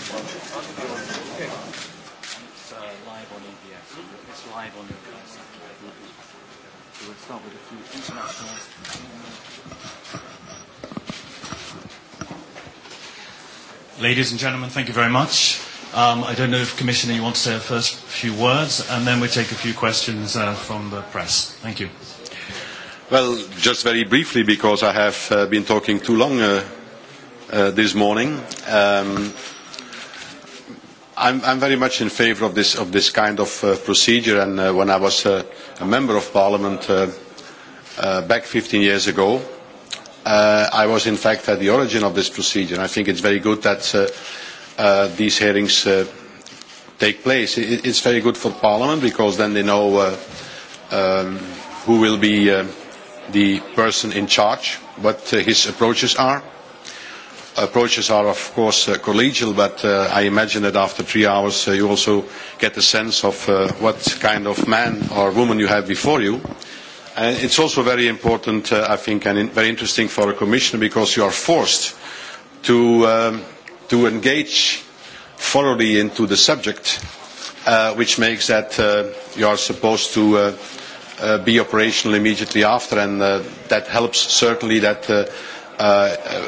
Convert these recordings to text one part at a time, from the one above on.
It's live on It's live on start with a few Ladies and gentlemen, thank you very much. Um, I don't know if Commissioner, you want to say a first few words, and then we take a few questions from the press. Thank you. Well, just very briefly, because I have been talking too long this morning. Um, I'm very much in favour of this kind of procedure. And when I was a member of Parliament back 15 years ago, I was in fact at the origin of this procedure. I think it's very good that these hearings take place. It It's very good for Parliament because then they know who will be the person in charge, what his approaches are approaches are of course collegial but i imagine that after three hours you also get a sense of what kind of man or woman you have before you. it's also very important i think and very interesting for a commissioner because you are forced to to engage thoroughly into the subject which makes that you are supposed to be operational immediately after and that helps certainly that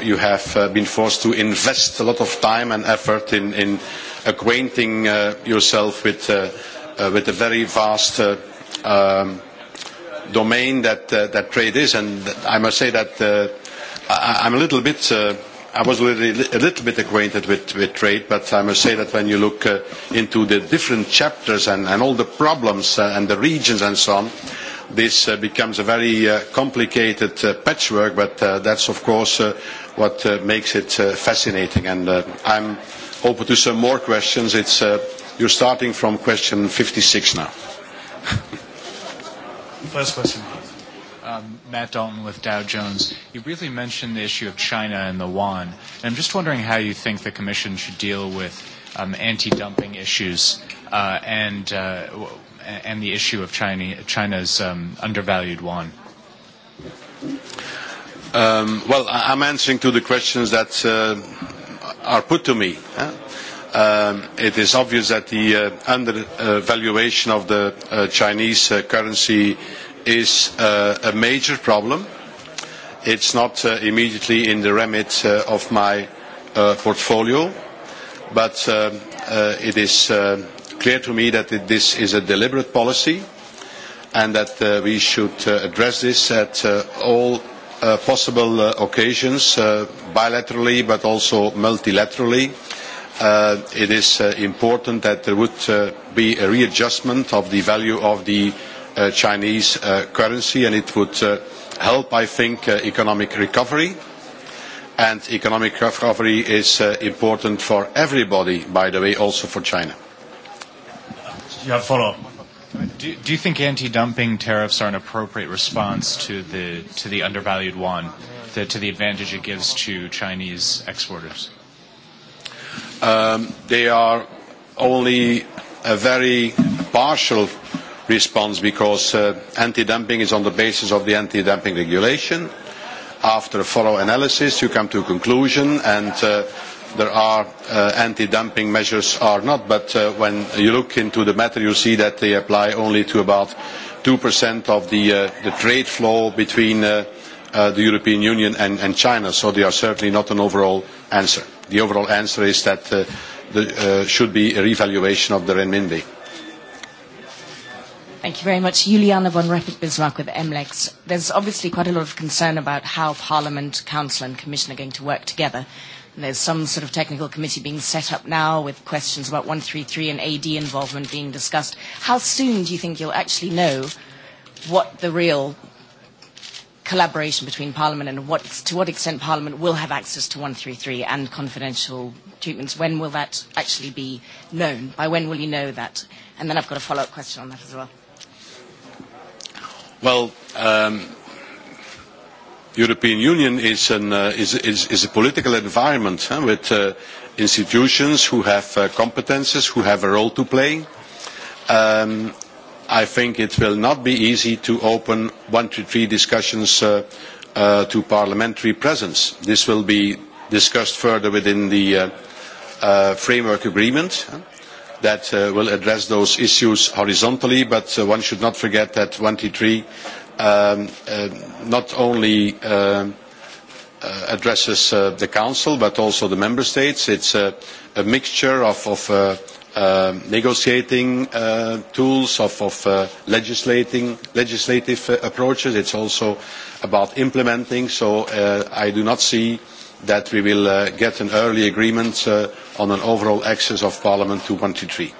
you have been forced to invest a lot of time and effort in acquainting yourself with the very vast domain that trade is. And I must say that I'm a little bit, I was already a little bit acquainted with trade, but I must say that when you look into the different chapters and all the problems and the regions and so on, this becomes a very complicated patchwork, but that's of course what makes it fascinating. And I'm open to some more questions. It's you're starting from question 56 now. First question. Matt Dalton with Dow Jones. You briefly mentioned the issue of China and the yuan. And I'm just wondering how you think the Commission should deal with anti-dumping issues and the issue of China's undervalued yuan? Well, I'm answering to the questions that are put to me. It is obvious that the undervaluation of the Chinese currency is a major problem. It's not immediately in the remit of my portfolio, but it is clear to me that this is a deliberate policy and that we should address this at all possible occasions, bilaterally but also multilaterally. It is important that there would be a readjustment of the value of the Chinese currency and it would help, I think, economic recovery. And economic recovery is important for everybody, by the way, also for China. Yeah, follow. Do, you think anti-dumping tariffs are an appropriate response to the to the undervalued one, to the advantage it gives to Chinese exporters? Um, they are only a very partial response because anti-dumping is on the basis of the anti-dumping regulation. After a thorough analysis, you come to a conclusion, and there are anti-dumping measures or not, but when you look into the matter, you see that they apply only to about 2% of the trade flow between the European Union and China, so they are certainly not an overall answer. The overall answer is that there should be a revaluation of the renminbi. Thank you very much. Juliana von Rapid-Bismarck with MLEX. There's obviously quite a lot of concern about how Parliament, Council and Commission are going to work together There's some sort of technical committee being set up now with questions about 133 and AD involvement being discussed. How soon do you think you'll actually know what the real collaboration between Parliament and what, to what extent Parliament will have access to 133 and confidential treatments? When will that actually be known? By when will you know that? And then I've got a follow-up question on that as well. Well, European Union is a political environment with institutions who have competences, who have a role to play. I think it will not be easy to open one to three discussions to parliamentary presence. This will be discussed further within the framework agreement that will address those issues horizontally, but one should not forget that 23 not only addresses the Council but also the Member States. It's a mixture of negotiating tools, of legislative approaches. It's also about implementing, so I do not see that we will get an early agreement on an overall access of Parliament to 123.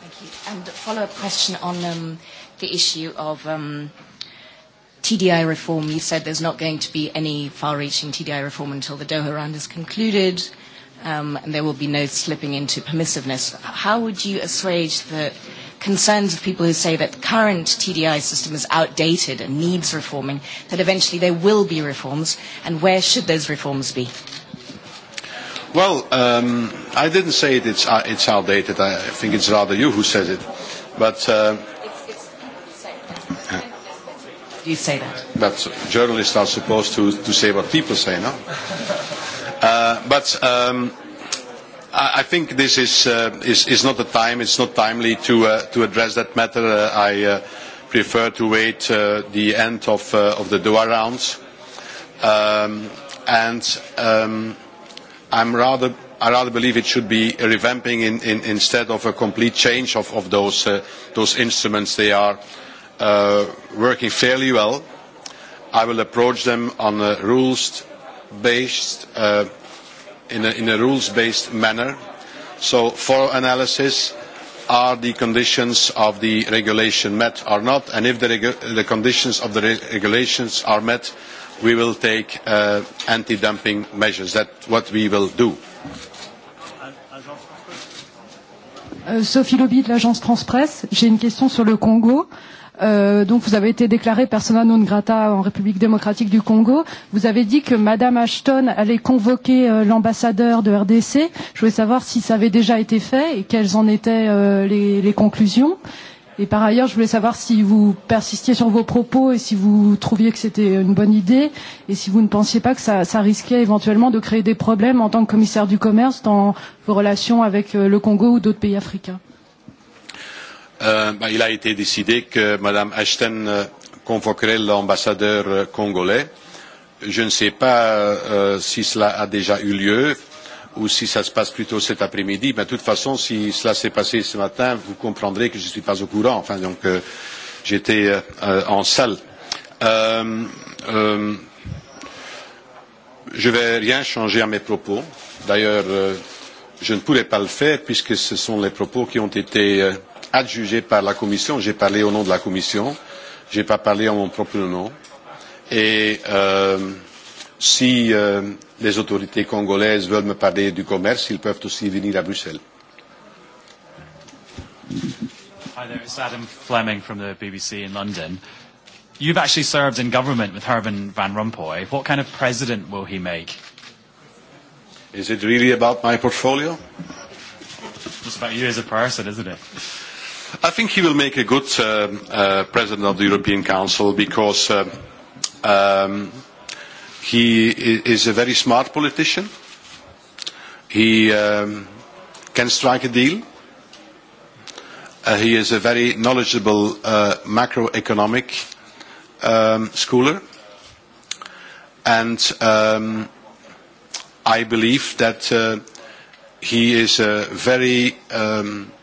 Thank you. And a follow-up question on the issue of TDI reform. You said there's not going to be any far-reaching TDI reform until the Doha round is concluded, and there will be no slipping into permissiveness. How would you assuage the concerns of people who say that the current TDI system is outdated and needs reforming, that eventually there will be reforms, and where should those reforms be? Well, I didn't say it's outdated. I think it's rather you who says it. But you say that? But journalists are supposed to, to say what people say, no? but um, I, think this is, is, not the time, it's not timely to, to address that matter. I prefer to wait the end of, of the Doha rounds. Um, and um, I'm rather, I rather believe it should be a revamping instead of a complete change of, of those, those instruments they are working fairly well. I will approach them on a rules-based, in a rules-based manner. So, for analysis, are the conditions of the regulation met or not? And if the conditions of the regulations are met, we will take anti-dumping measures. That's what we will do. Sophie Lobby de l'agence Transpresse. J'ai une question sur le Congo donc vous avez été déclaré persona non grata en République démocratique du Congo. Vous avez dit que Madame Ashton allait convoquer l'ambassadeur de RDC. Je voulais savoir si ça avait déjà été fait et quelles en étaient les conclusions. Et par ailleurs, je voulais savoir si vous persistiez sur vos propos et si vous trouviez que c'était une bonne idée et si vous ne pensiez pas que ça, ça risquait éventuellement de créer des problèmes en tant que commissaire du commerce dans vos relations avec le Congo ou d'autres pays africains il a été décidé que Mme Ashton convoquerait l'ambassadeur congolais. Je ne sais pas si cela a déjà eu lieu ou si ça se passe plutôt cet après-midi. Mais de toute façon, si cela s'est passé ce matin, vous comprendrez que je ne suis pas au courant. Enfin, donc, j'étais en salle. Je ne vais rien changer à mes propos. D'ailleurs, je ne pourrais pas le faire puisque ce sont les propos qui ont été adjugé par la Commission. J'ai parlé au nom de la Commission. Je n'ai pas parlé en mon propre nom. Et si les autorités congolaises veulent me parler du commerce, ils peuvent aussi venir à Bruxelles. Hi there, it's Adam Fleming from the BBC in London. You've actually served in government with Herman Van Rompuy. What kind of president will he make? Is it really about my portfolio? Just about you as a person, isn't it? I think he will make a good president of the European Council because he is a very smart politician. He can strike a deal. He is a very knowledgeable macroeconomic schooler. And I believe that he is a very